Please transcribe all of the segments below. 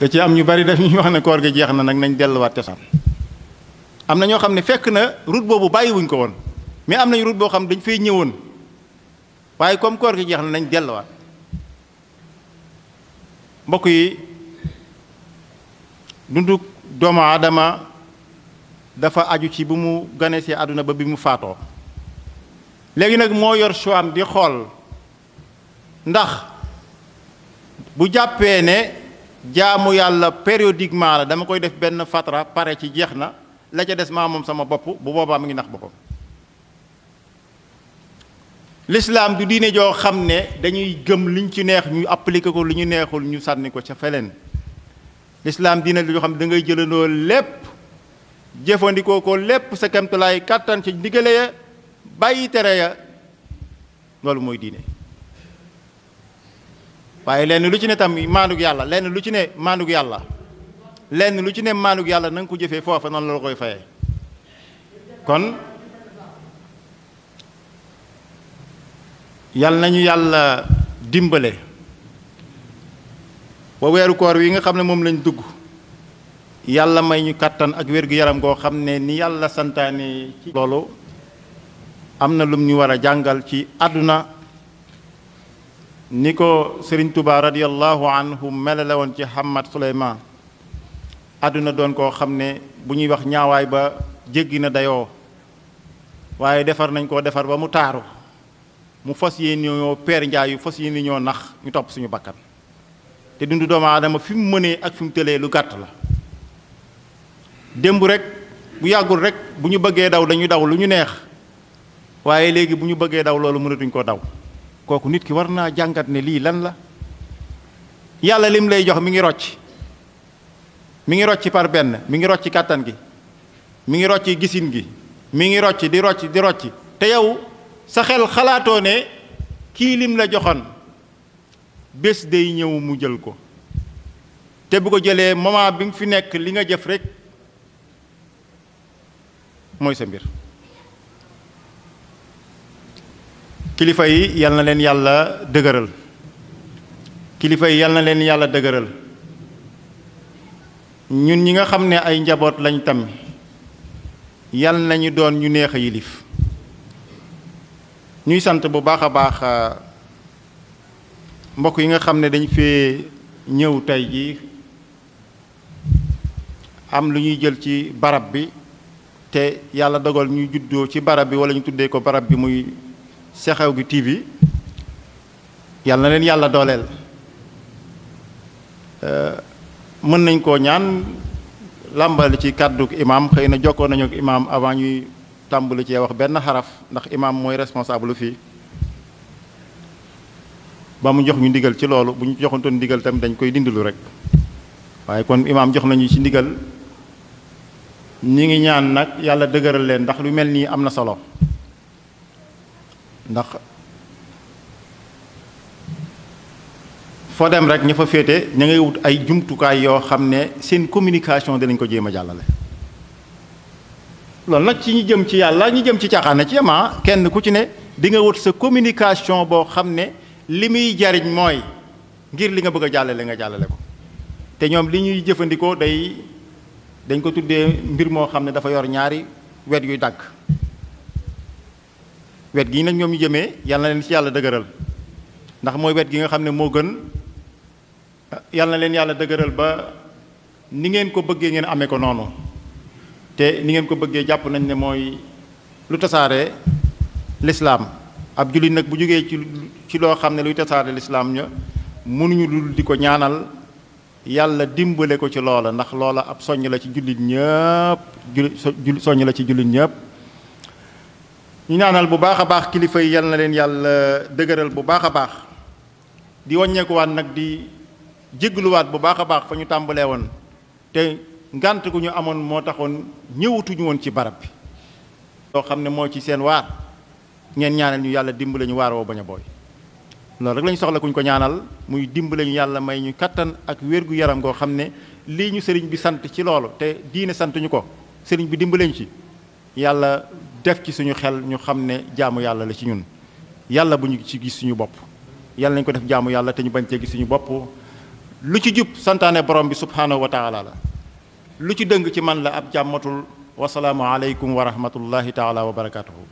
da ci am ñu bari daf ñu wax ne koor gi jeex na nag nañ delluwaat cosaan am na ñoo xam ne fekk na route boobu bàyyiwuñ ko woon mais am nañ route boo xam dañ fay ñëwoon waaye comme koor gi jeex na nañ delluwaat mbokk yi dundu doomu aadama dafa aju ci bu mu ganesee àdduna ba bi mu faatoo léegi nag moo yor choix am di xool ndax bu jàppee ne jaamu yàlla périodiquement la dama koy def benn fatra pare ci jeex na la ca des maa moom sama bopp bu boobaa mu ngi nax boppam lislaam du diine joo xam ne dañuy gëm liñ ci neex ñu appliqué ko lu ñu neexul ñu sànni ko ca feleen lislaam diine joo xam ne da ngay jëlandoo lépp jëfandikoo ko lépp sa kemtulaay kàttan ci ndigale ya bàyyi tere ya loolu mooy diine waaye lenn lu ci ne tam maanug yàlla leen lu ci ne maanug yàlla lenn lu ci ne maanug yàlla na nga ko jëfee foofa noonu la koy fayee kon yal nañu yàlla dimbale ba weeru koor wi nga xam ne moom lañ dugg yàlla may ñu kàttan ak wér-gu-yaram goo xam ne ni yàlla santaane ci loolu am na lum ñu war a jàngal ci àdduna ni ko sëriñ Touba radiallahu anhu melale woon ci Hamad Souleymane àdduna doon koo xam ne bu ñuy wax ñaawaay ba jéggi na dayoo waaye defar nañ koo defar ba mu taaru mu fas yéene ñoo peer njaay yu fas yéene ñoo nax ñu topp suñu bakkan te dundu doomu aadama fi mu mënee ak fi mu tëlee lu gàtt la démb rek bu yàggul rek bu ñu bëggee daw dañuy daw lu ñu neex waaye léegi bu ñu bëggee daw loolu mënatuñ koo daw kooku nit ki war naa jàngat ne lii lan la yàlla lim lay jox mi ngi rocc mi ngi rocc par benn mi ngi rocc kàttan gi mi ngi rocc gisin gi mi ngi rocc di rocc di te yow sa xel xalaatoo ne kii lim la joxoon bés dey ñëw mu jël ko te bu ko jëlee moment bi nga fi nekk li nga jëf rek mooy sa mbir kilifa yi yal na leen yàlla dëgëral kilifa yi yal na leen yàlla dëgëral ñun ñi nga xam ne ay njaboot lañ tam yal nañu doon ñu neex a yilif ñuy sant bu baax a baax euh, mbokk yi nga xam ne dañ fee ñëw tey ji am lu ñuy jël ci barab bi te yàlla dogal ñuy juddoo ci barab bi wala ñu tuddee ko barab bi muy xew gi TV yàlla na leen yàlla dooleel euh, mën nañ koo ñaan làmbali ci kàddu imaam xëy na jokkoo nañu ak imaam avant ñuy tàmbali cee wax benn xaraf ndax imaam mooy responsable fii ba mu jox ñu ndigal ci loolu bu ñu joxantoon ndigal tamit dañ koy dindilu rek waaye kon imaam jox nañu ci ndigal ñi ngi ñaan nag yàlla dëgëral leen ndax lu mel nii am na solo ndax foo dem rek ña fa féete ña ngay wut ay jumtukaay yoo xam ne seen communication dinañ ko jéem a jàllale loolu nag ci ñi jëm ci yàlla ñi jëm ci caaxaan na ci yama ah, kenn ku ci ne di nga wut sa communication boo xam ne li muy jariñ mooy ngir li nga bëgg a jàllale nga jàllale ko te ñoom li ñuy jëfandikoo day dañ ko tuddee mbir moo xam ne dafa yor ñaari wet yuy dagg wet gi nag ñoom ñu jëmee yàlla na leen ci yàlla dëgëral ndax mooy wet gi nga xam ne moo gën yàlla na leen yàlla dëgëral ba ni ngeen ko bëggee ngeen amee ko noonu te ni ngeen ko bëggee jàpp nañ ne mooy lu tasaare lislaam ab jullit nag bu jógee ci loo xam ne luy tasaare lislaam ña mënuñu lu di ko ñaanal yàlla dimbale ko ci loola ndax loola ab soññ la ci jullit ñëpp ju soññ la ci jullit ñëpp ñu ñaanal bu baax a baax kilifa yi yal na leen yàlla dëgëral bu baax a baax di waññeekuwaat nag di jégluwaat bu baax a baax fa ñu tàmbalee woon te ngànt ku ñu amoon moo taxoon ñëwatuñu woon ci barab bi loo xam ne moo ci seen waar ngeen ñaanal ñu yàlla dimbale ñu waar woo bañ a booy loolu rek lañu soxla kuñ ko ñaanal muy dimbale ñu yàlla may ñu kàttan ak wérgu yaram goo xam ne lii ñu sëriñ bi sant ci loolu te diine santuñu ko sëriñ bi dimbale ñu ci yàlla def ci suñu xel ñu xam ne jaamu yàlla la ci ñun yàlla bu ñu ci gis suñu bopp yàlla nañ ko def jaamu yàlla te ñu bañ cee gis suñu bopp lu ci jub santaane borom bi subhaanahu wa taala la lu ci dëng ci man la ab jàmmatul wasalaamu aleykum wa rahmatullahi taala wa barakatuhu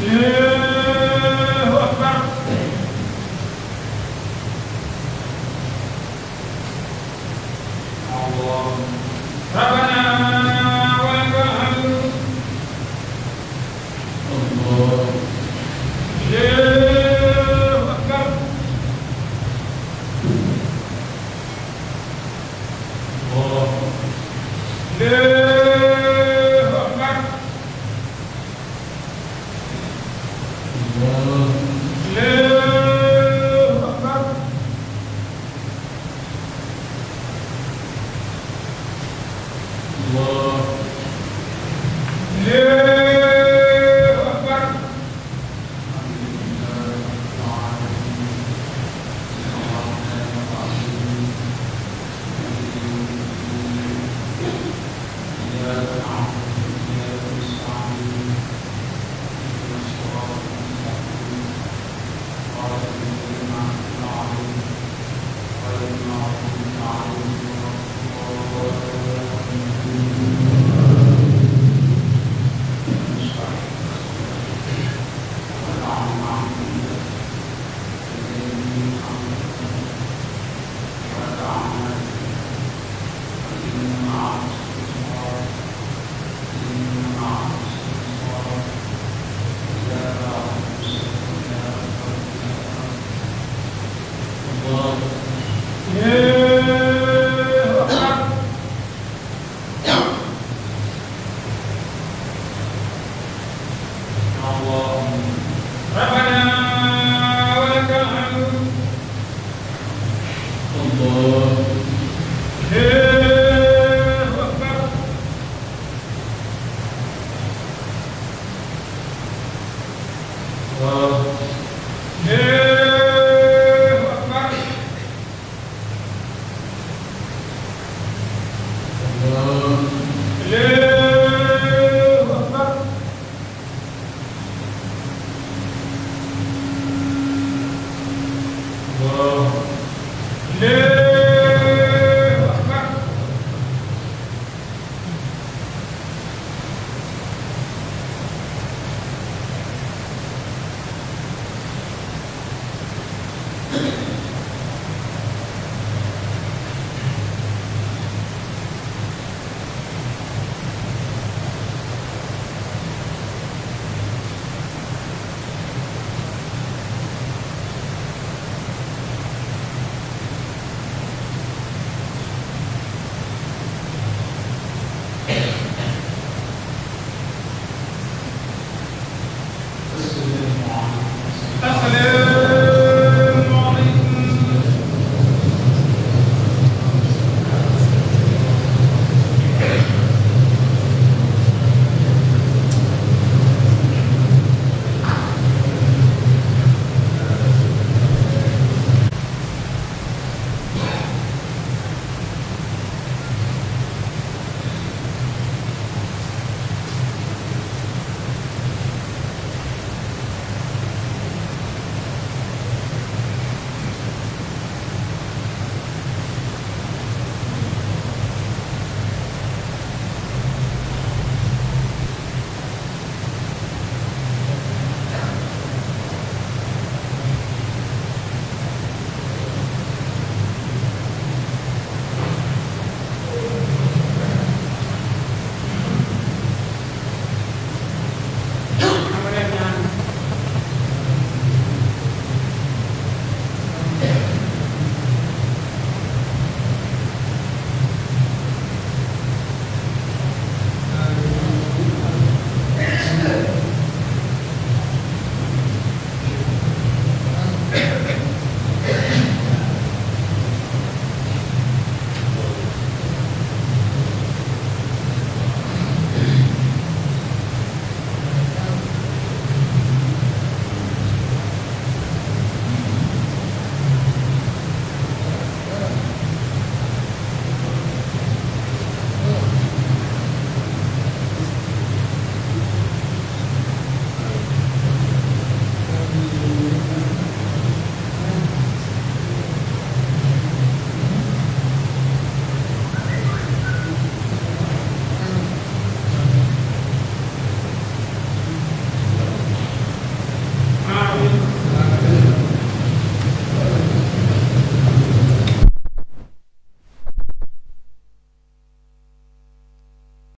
Yeah.